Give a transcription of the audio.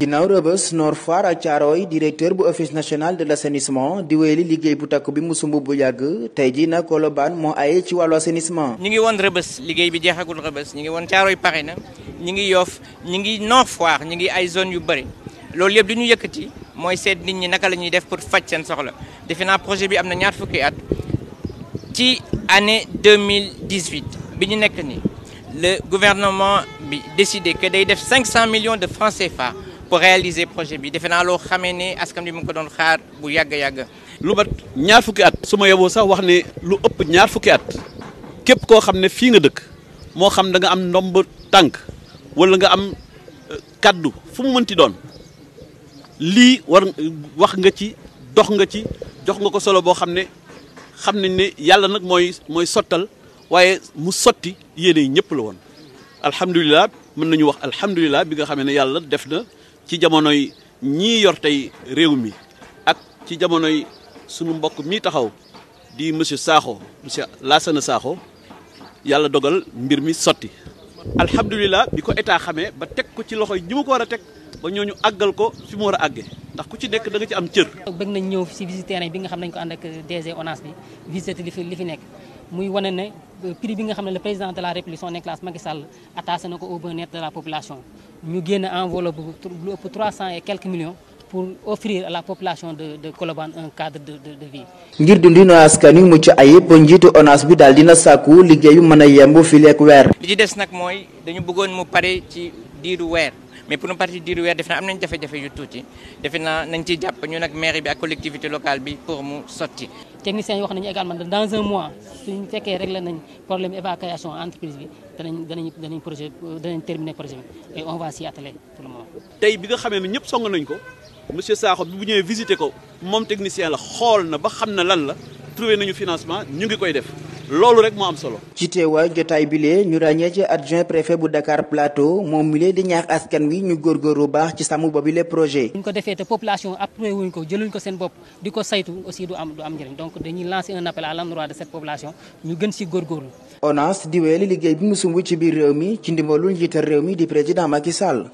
ginnaaw Rebeuss Nord Foire ak Thiaroye directeur bu office national de l'assainissement di wéyali liggéey bu takk bi mu sumb bu yàgg tey jii nag Colobane moo ay ci wàllu assainissement. ñu ngi woon Rebeuss liggéey bi jeexagul Rebeuss ñu ngi woon Thiaroye pare na ñu ngi yoof ñu ngi Nord Foire ñu ngi ay zone yu bëri loolu yëpp li ñu yëkkati mooy seet nit ñi naka la ñuy def pour faj seen soxla defe naa projet bi am na ñaar fukki at ci année 2018 bi ñu nekk nii le gouvernement bi décidé que day def 500 millions de francs CFA. pour réaliser projet bi defe naa loo xame ne askan bi mu ko doon xaar bu yàgg yàgg. lu mat ñaar fukki at su ma yeboo sax wax ne lu ëpp ñaar fukki at képp koo xam ne fii nga dëkk moo xam ne danga am ndomb tànk wala nga am euh, kàddu fu mu mënti doon lii war wax nga ci dox nga ci jox nga ko solo boo xam ne xam nañ ne yàlla nag mooy mooy sottal waaye mu sotti yéene yi ñëpp la woon alhamdulilah mën nañu wax alhamdulilah bi nga xamee ne yàlla def na. ci jamonoy ñii yor tey réew mi ak ci jamonoy sunu mbokk mii taxaw di monsieur Sakho monsieur Lassana Sakho yàlla dogal mbir mi sotti. alhamdulilah bi ko état xamee ba teg ko ci loxo yi ñi ma ko war a teg ba ñooñu àggal ko fi mu war a àggee ndax ku ci nekk da nga ci am cër. bëgg nañ ñëw si visite bi nga xam nañ ko ànd ak DG ONAS bi visite li fi li fi nekk. muy wane ne euh, prix bi nga xam ne le président de la république son excellence Macky Sall na ko au bien-être de la population ñu génn enveloppe lu ëpp 300 et quelques millions pour offrir à la population de de Colobane un cadre de de de vie. ngir dundinu askan wi mucc ayib njiitu ONAS bi daal dina sàkku liggéey yu mën a yemb fileek weer. li ci des nag mooy dañu bëggoon mu pare ci diiru weer. mais pour ne pas dire weer defe naa am nañ jafe-jafe yu tuuti defe naa nañ ciy jàpp ñu nag mairie bi ak collectivité locale bi pour mu sotti. techniciens yi wax nañu également dans un mois suñu fekkee réglé nañ problème évacuation entreprise bi danañ danañ danañ projet danañ terminer projet bi et tey bi nga xamee ne ñëpp song nañ ko monsieur Sakho bi bu ñëwee ko moom technicien la xool na ba xam na lan la trouvé nañu financement ñu ngi koy def. loolu rek moo am solo. ci teewaay jotaay bile ñu ràññee ci adjoint préfet bu Dakar Plateau moom mi lee di ñaax askan wi ñu góorgóorlu baax ci sàmm boobu le projet. bu ñu ko defee te population après wuñ ko jëluñ ko seen bopp di ko saytu aussi du am du am njëriñ donc dañuy lancer un appel à l'endroit de cette population ñu gën si góorgóorlu. ONAS di wéyale liggéey bi mu sumb ci biir réew mi ci lu njiital réew mi di président ma Sall.